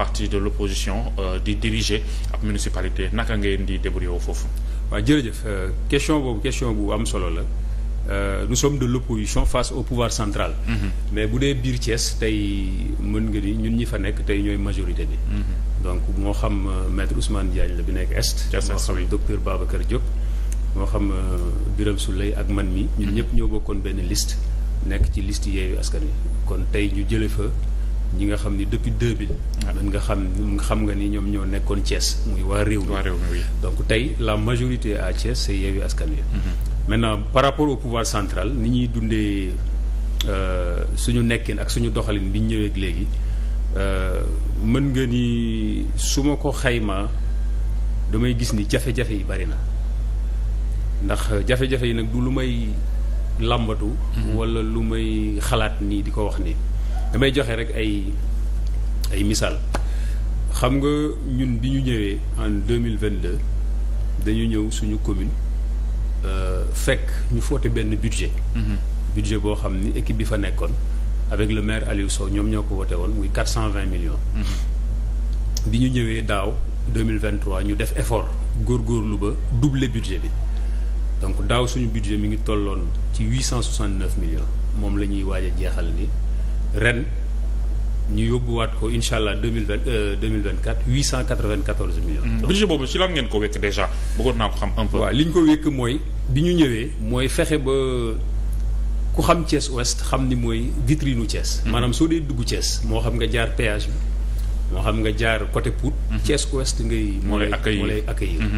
parti de l'opposition euh, di diriger ab municipalité naka ngeen di débrouiller wu foofu. waaw jërëjëf euh, question boobu question bu am solo la euh, nous sommes de l'opposition face au pouvoir central. Mm-hmm. mais bu dee biir Thiès tey mën nga ni ñun ñi fa nekk tey ñooy majorité bi. Mm-hmm. donc moo xam maître Ousmane Diagne la bi nekk est. moo xam docteur Babacar Diop. moo xam Birame Souley ak man mi ñun mm-hmm. ñëpp ñoo bokkoon benn liste nekk ci list Yewwi Askan Wi kon tey ñu jëlee fa. ñi nga xam ni depuis 2000. Ah. mën nga xam nga xam nga ni ñoom ñoo nekkoon Thiès muy waa réew mi. waa donc tey la majorité à Thiès c'est Yewwi Askan Wi. Mm-hmm. maintenant par rapport au pouvoir central ni ñuy dundee euh, suñu nekkin ak suñu doxalin bi ñu ñëwee léegi euh, mën nga ni su ma ko xaymaa damay gis ni jafe-jafe yi bari na ndax jafe-jafe yi nag lu may làmbatu. Mm-hmm. wala lu may xalaat nii di ko wax nii. damay joxe rek ay ay misaal xam nga ñun bi ñu ñëwee en deux mille vingt deux dañu ñëw suñu commune euh, fekk ñu foote benn budget. Mhm. budget boo xam ni équipe bi fa nekkoon avec le maire Aliou Sow ñoom ñoo ko woote woon muy quatre cent vingt millions. Mhm. bi ñu ñëwee daaw deux mille vingt ñu def góor góorgóorlu ba doubler budget bi. donc daaw suñu budget mi ngi tolloon ci huit cent soixante neuf millions moom la ñuy waaj jeexal ni ren ñu waat ko incha allah deux mille vingt euh, deux mille vingt quatre huit cent quatre vingt quatorze millions. Hmm, budget boobu si lan ngeen ko wekk déjà bëggoon naa ko xam un peu. li ñu ko wekk mooy bi ñu ñëwee mooy fexe ba ku xam Thiès Ouest xam ni mooy vitrine u Thiès. Hmm. maanaam soo dee dugg Thiès moo xam nga jaar péage bi moo xam nga jaar côté Pout. Hmm. Thiès Ouest ngay. moo lay accueillir moo lay accueillir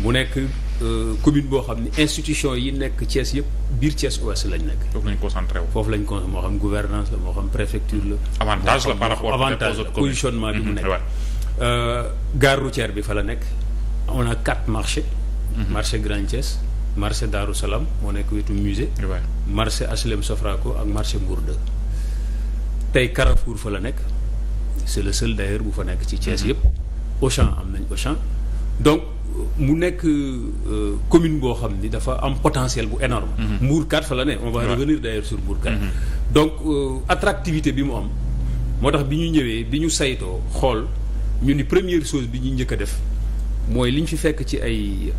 mu nekk. Euh, commune boo xam ne institution yi nekk cees yëpp biir cees Ouest lañ nekk. foofu lañ concentré wu. foofu lañ ko moo xam gouvernance la moo xam préfecture la. avantage la par rapport bi mu mhm, nekk. Euh, gare routière bi fa la nekk on a quatre marchés. Mhm. marché Grand Thiès marché Darou Salam moo nekk wetu musée. marché Aslem Sofrako ak marché Mbourde. tey Carrefour fa la nekk c'est le seul bu fa nekk ci Thiès mhm. yëpp Auchan am nañ Auchan. donc mu nekk euh, commune boo xam ni dafa am potentiel bu énorme mhm. Mbourkat fa la ne on va revenir d'ailleurs sur Mbourkat mhm. donc euh, atractivité bi mu am moo tax bi ñu ñëwee bi ñu saytoo xool ñu ni première chose bi ñu njëkk a def mooy li ñu fi fekk ci ay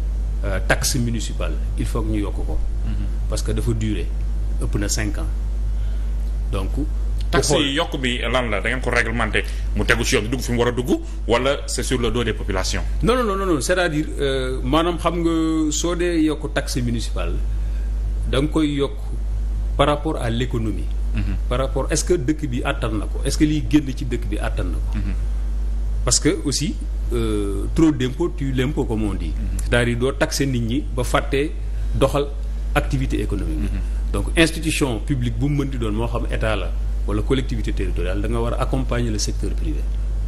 euh, taxe municipale il faut ñu yokk ko mhm. parce que dafa durer ëpp na cinq ans donc taxe yi yokk bi lan la da ngeen ko réglementé mu tegu ci yoon dugg fi mu war a dugg wala c'est sur le dos population populations. non non non non c'est-à-dire euh, maanaam xam nga soo dee yokk taxe municipale da nga koy yokk par rapport à l'économie. Mhm. par rapport est-ce que dëkk bi àttan na ko est-ce que liy génn ci dëkk bi àttan na ko. Mhm. parce que aussi euh, trop d'impôt tue l'impôt comme on dit. Mhm. c'est-à-dire doo taxer nit ñi ba fàtte doxal activité économique bi. donc institution publique bu mu mën di doon moo xam état la. wala collectivité territoriale da nga war a accompagner le secteur privé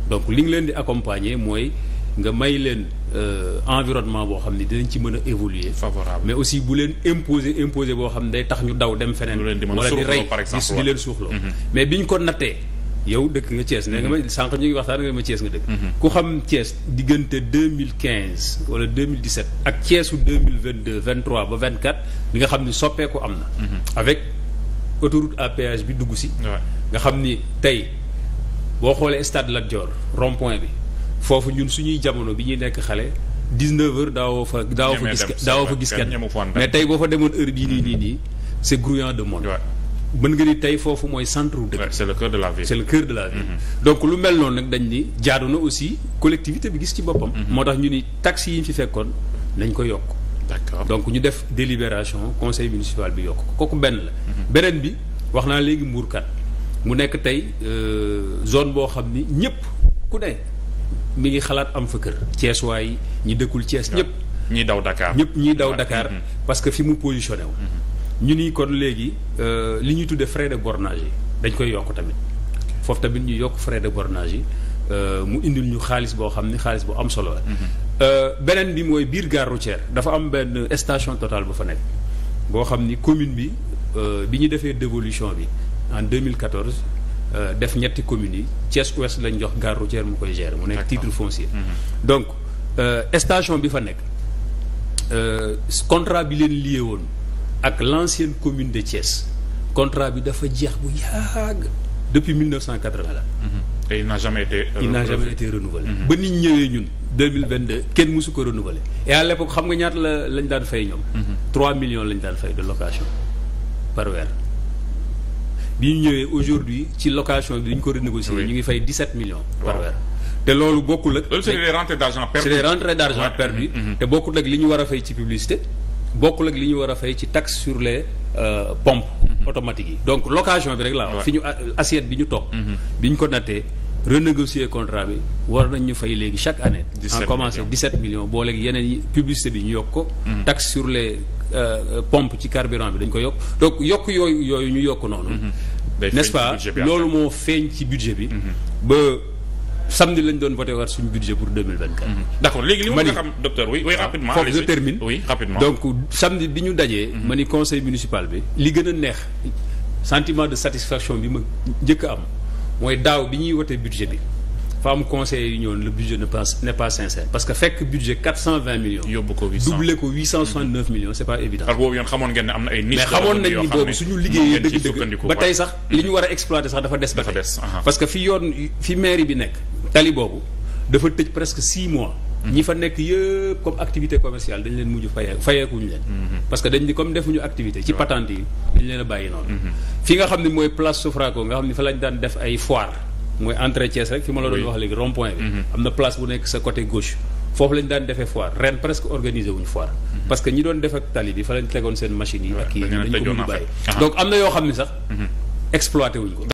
donc li nga leen di accompagner mooy nga may leen euh, environnement boo xam ne dinañ ci mën a évoluer favorable mais aussi bu leen imposer imposer boo xam ne day tax ñu daw dem feneen wala di rey di leen suuxloo mm-hmm. mais bi ñu ko nattee yow dëkk nga Thiès ne nga ma sànq ñu ngi waxtaan nga ma Thiès nga dëkk mm-hmm. ku xam Thiès diggante 2015 wala 2017 ak Thièsu 2022 23 ba 24 li nga xam ne soppeeku am na mm-hmm. avec autoroute à péage bi dugg si. nga xam ni tey boo xoolee stade Lat Dior rond bi foofu ñun suñuy jamono bi ñuy nekk xale 19h daawoo fa. daawoo fa gis daawoo fa gis kenn mais tey boo fa demoon heure bi nii nii nii c' est grouillant de monde. mën nga ni tey foofu mooy centre ru le cœur de la ville c' est le cœur de la ville. Mm-hmm. donc lu mel noonu nag dañ ni jaadu na aussi collectivité bi gis ci boppam. Mm-hmm. moo tax ñu ni taxi yi ñu fi fekkoon nañ ko yokk. d'accord donc ñu def délibération conseil municipal bi yokk ko kooku benn la. beneen bi wax naa léegi mbuurkat mu nekk tey euh, zone boo xam ni ñëpp ku ne mi ngi xalaat am fa kër. Thiès waay ñi dëkkul Thiès ñëpp. ñuy daw Dakar ñëpp ñiy daw Dakar. Mm-hmm. parce que fi mu positionné wu. Mm-hmm. ñu ni kon léegi euh, li ñuy tuddee frais de bornage yi dañ koy yokk tamit foofu tamit ñu yokk frais de bornage yi. Euh, mu indil ñu xaalis boo xam ni xaalis bu am solo la. Mhm. Euh, beneen bi mooy biir gare routière dafa am benn station totale bu fa nekk boo xam ni commune bi euh, bi ñu defee dévolution bi en mille 2014. def ñetti communes yi Thiès Ouest lañ jox gare routière mu koy gérer mu nekk titre foncier mhm. donc station bi fa nekk contrat bi leen lié woon ak l'ancienne commune de Thiès contrat bi dafa jeex bu yàgg depuis 1980 la et il n'a jamais été. il n'a jamais mhm. ba nit ñëwee ñun kenn mësu ko renouvelé et à l'époque xam nga ñaata la lañ daan fay ñoom. Mhm. trois millions lañ daan fay de location par weer. bi ñu ñëwee aujourd'hui ci location bi ñu ko renégocier. ñu ngi fay 17 millions. par weer te loolu bokkul ak. loolu c'est des rentrées d'argent perdues. c'est mhm. te bokkul ak li ñu war a fay ci publicité. bokkul ak li ñu war a fay ci taxe sur les euh, pompes automatiques yi. donc location bi rek laa wax. fi ñu assiette bi ñu toog. bi ñu ko nattee. renégocier contrat bi war nañ ñu fay léegi chaque année. 17 en commençant 17 millions booleeg yeneen yi publicité bi ñu yokk ko. Mm. taxe sur les euh, pomp ci carburant bi dañ ko yokk donc yokk yooyu yooyu ñu yokk noonu. Mm-hmm. n'est-ce pas loolu moo feeñ ci budget bi. Mm-hmm. ba samedi lañ doon voté war suñu budget pour 2024. Mm-hmm. d'accord léegi li ma nga xam docteur oui oui ah, rapidement foofu je termine donc samedi bi ñu dajee. ma ni conseil municipal bi. li gën a neex sentiment de satisfaction bi ma njëkk am. mooy daaw bi ñuy wote budget bi fa am conseil yu ñëwoon le budget ne pas n'est pas sincère parce que fekk budget 420 millions. yóbbu ko 800 doublé ko 869 millions c'est pas évident. parce que boobu yéen xamoon ngeen ne am na ay niche. mais xamoon nañ ni boobu suñu liggéeyee dëgg-dëgg ba tey sax li ñu war a exploiter sax dafa des. ba tey uh-huh. parce que fi yoon fi mairie bi nekk. tali boobu dafa tëj presque 6 mois. Mm-hmm. ñi fa nekk yëpp comme activité commerciale dañ leen mujj fayee leen. Mm-hmm. parce que dañ ni comme defuñu activité ci patente yi dañ leen a bàyyi noonu. Mm-hmm. fi nga xam ne mooy place Sofraco nga xam ne fa lañ daan def ay foire mooy entrée Thiès rek fi ma la doon wax léegi rond point bi. am na place bu nekk sa côté gauche. foofu lañ daan defee foire ren presque organiser wuñ foire. parce que ñi doon def ak tali bi fa lañ tegoon seen machines yi. ak kii dañ